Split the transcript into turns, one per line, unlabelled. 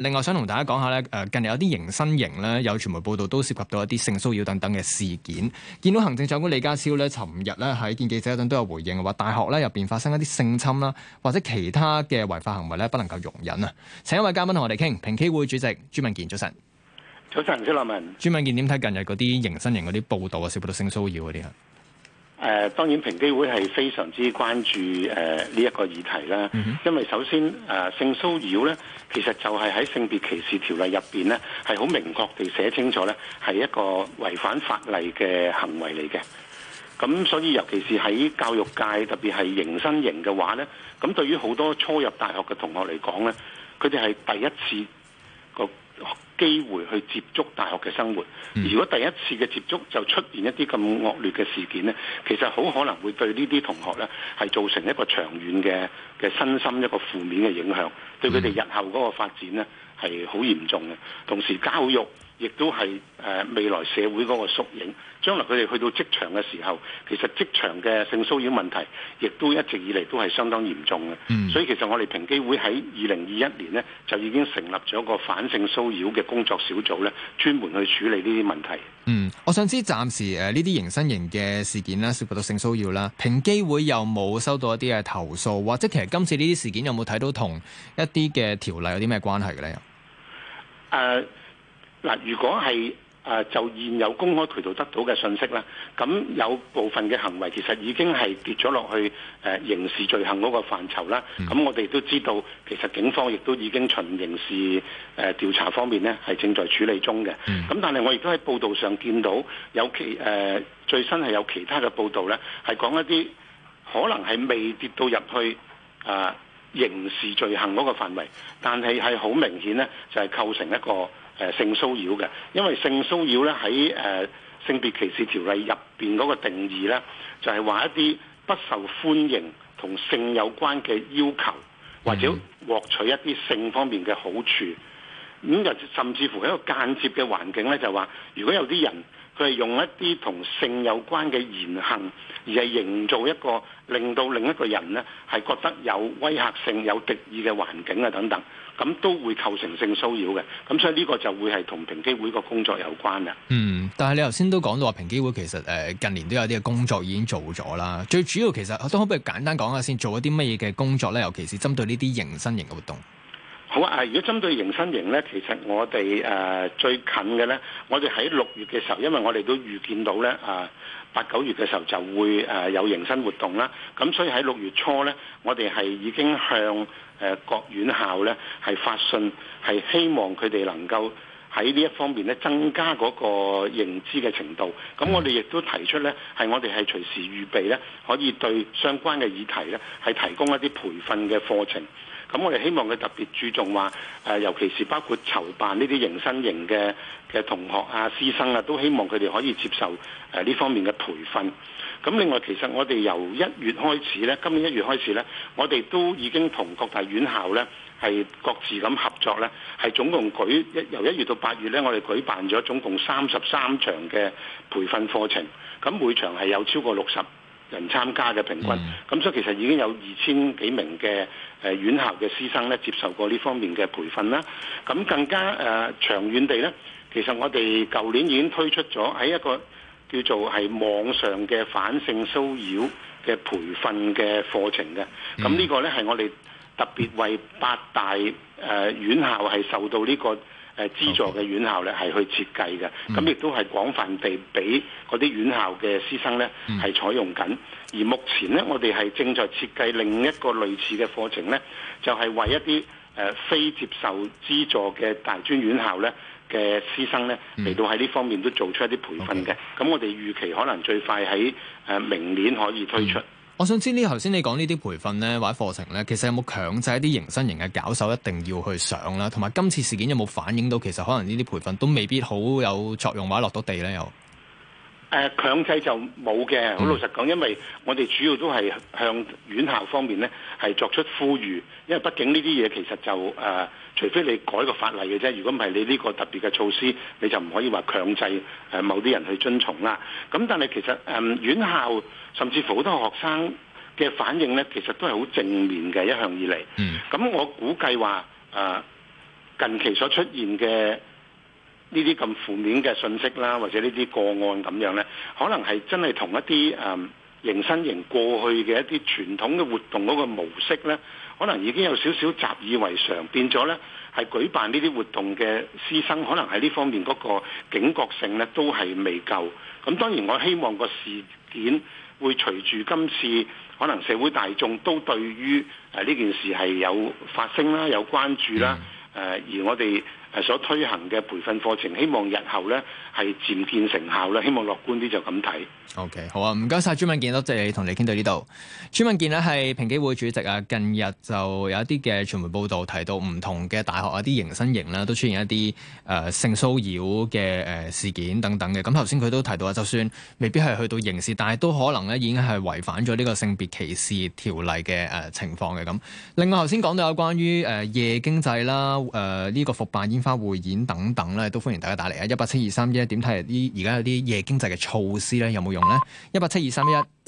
另外想同大家講下咧，誒近日有啲迎新營咧有傳媒報道都涉及到一啲性騷擾等等嘅事件。見到行政長官李家超咧，尋日咧喺見記者嗰陣都有回應話，大學咧入邊發生一啲性侵啦或者其他嘅違法行為咧，不能夠容忍啊！請一位嘉賓同我哋傾，平機會主席朱敏健早晨。
早晨，朱立文。
朱敏健點睇近日嗰啲迎新營嗰啲報道啊，涉及到性騷擾嗰啲啊？
誒、呃、當然，平機會係非常之關注誒呢一個議題啦。因為首先，誒、呃、性騷擾咧，其實就係喺性別歧視條例入邊咧，係好明確地寫清楚咧，係一個違反法例嘅行為嚟嘅。咁所以，尤其是喺教育界，特別係迎新營嘅話咧，咁對於好多初入大學嘅同學嚟講咧，佢哋係第一次個機會去接觸大學嘅生活，如果第一次嘅接觸就出現一啲咁惡劣嘅事件咧，其實好可能會對呢啲同學咧係造成一個長遠嘅嘅身心一個負面嘅影響，對佢哋日後嗰個發展咧，係好嚴重嘅，同時教育亦都係誒、呃、未來社會嗰個縮影。將來佢哋去到職場嘅時候，其實職場嘅性騷擾問題，亦都一直以嚟都係相當嚴重嘅。嗯、所以其實我哋平機會喺二零二一年呢，就已經成立咗一個反性騷擾嘅工作小組呢，專門去處理呢啲問題。
嗯，我想知暫時誒呢啲迎新營嘅事件啦，涉及到性騷擾啦，平機會有冇收到一啲嘅投訴，或者其實今次呢啲事件有冇睇到同一啲嘅條例有啲咩關係嘅呢？
誒嗱，uh, 如果係誒、uh, 就現有公開渠道得到嘅信息啦，咁有部分嘅行為其實已經係跌咗落去誒、uh, 刑事罪行嗰個範疇啦。咁我哋都知道，其實警方亦都已經循刑事、uh, 調查方面呢係正在處理中嘅。咁、mm. 但係我亦都喺報道上見到有其誒、uh, 最新係有其他嘅報道呢係講一啲可能係未跌到入去啊。Uh, 刑事罪行嗰個範圍，但係係好明顯咧，就係、是、構成一個誒、呃、性騷擾嘅，因為性騷擾咧喺誒性別歧視條例入邊嗰個定義咧，就係、是、話一啲不受歡迎同性有關嘅要求，或者獲取一啲性方面嘅好處，咁就甚至乎喺個間接嘅環境咧，就話、是、如果有啲人。佢係用一啲同性有關嘅言行，而係營造一個令到另一個人呢係覺得有威嚇性、有敵意嘅環境啊等等，咁都會構成性騷擾嘅。咁所以呢個就會係同平機會個工作有關嘅。嗯，
但係你頭先都講到話，平機會其實誒近年都有啲嘅工作已經做咗啦。最主要其實都可唔可以簡單講下先，做一啲乜嘢嘅工作呢？尤其是針對呢啲迎新營嘅活動。
好啊！如果針對迎新營咧，其實我哋、呃、最近嘅咧，我哋喺六月嘅時候，因為我哋都預見到咧啊，八、呃、九月嘅時候就會、呃、有迎新活動啦。咁所以喺六月初咧，我哋係已經向各院校咧係發信，係希望佢哋能夠喺呢一方面咧增加嗰個認知嘅程度。咁我哋亦都提出咧，係我哋係隨時預備咧，可以對相關嘅議題咧係提供一啲培訓嘅課程。咁我哋希望佢特別注重話、呃，尤其是包括籌辦呢啲迎新營嘅嘅同學啊、師生啊，都希望佢哋可以接受、呃、呢方面嘅培訓。咁另外，其實我哋由一月開始呢，今年一月開始呢，我哋都已經同各大院校呢係各自咁合作呢，係總共舉一由一月到八月呢，我哋舉辦咗總共三十三場嘅培訓課程。咁每場係有超過六十人參加嘅平均，咁所以其實已經有二千幾名嘅誒、呃、院校嘅師生咧，接受過呢方面嘅培訓啦。咁更加誒、呃、長遠地咧，其實我哋舊年已經推出咗喺一個叫做係網上嘅反性騷擾嘅培訓嘅課程嘅。咁呢個咧係我哋特別為八大誒、呃、院校係受到呢、這個。誒資助嘅院校咧係去設計嘅，咁亦、嗯、都係廣泛地俾嗰啲院校嘅師生咧係、嗯、採用緊。而目前呢，我哋係正在設計另一個類似嘅課程呢，就係、是、為一啲誒、呃、非接受資助嘅大專院校咧嘅師生呢嚟、嗯、到喺呢方面都做出一啲培訓嘅。咁、嗯嗯、我哋預期可能最快喺誒、呃、明年可以推出。
我想知呢頭先你講呢啲培訓呢，或者課程呢，其實有冇強制一啲迎新營嘅搞手一定要去上啦？同埋今次事件有冇反映到其實可能呢啲培訓都未必好有作用或者落到地呢？又？
誒強制就冇嘅，好老實講，因為我哋主要都係向院校方面咧係作出呼籲，因為畢竟呢啲嘢其實就誒、呃，除非你改個法例嘅啫，如果唔係你呢個特別嘅措施，你就唔可以話強制誒某啲人去遵從啦。咁但係其實誒、呃、院校甚至乎好多學生嘅反應咧，其實都係好正面嘅一向以嚟。咁、嗯、我估計話、呃、近期所出現嘅。呢啲咁負面嘅信息啦，或者呢啲個案咁樣呢，可能係真係同一啲誒迎新營過去嘅一啲傳統嘅活動嗰個模式呢，可能已經有少少習以為常，變咗呢係舉辦呢啲活動嘅師生，可能喺呢方面嗰個警覺性呢都係未夠。咁當然我希望個事件會隨住今次可能社會大眾都對於誒呢、啊、件事係有發聲啦、有關注啦、嗯啊，而我哋。誒所推行嘅培訓課程，希望日後咧係漸見成效啦。希望樂觀啲就咁睇。
OK，好啊，唔該晒。朱敏健，多謝你同你傾到呢度。朱敏健呢係平機會主席啊，近日就有一啲嘅傳媒報道提到唔同嘅大學有一啲迎新營啦都出現一啲誒、呃、性騷擾嘅事件等等嘅。咁頭先佢都提到啊，就算未必係去到刑事，但係都可能咧已經係違反咗呢個性別歧視條例嘅情況嘅咁。另外頭先講到有關於夜經濟啦，誒、呃、呢、這個復辦。花會演等等咧，都歡迎大家打嚟啊！一八七二三一，點睇下啲而家有啲夜經濟嘅措施咧，有冇用咧？一八七二三一。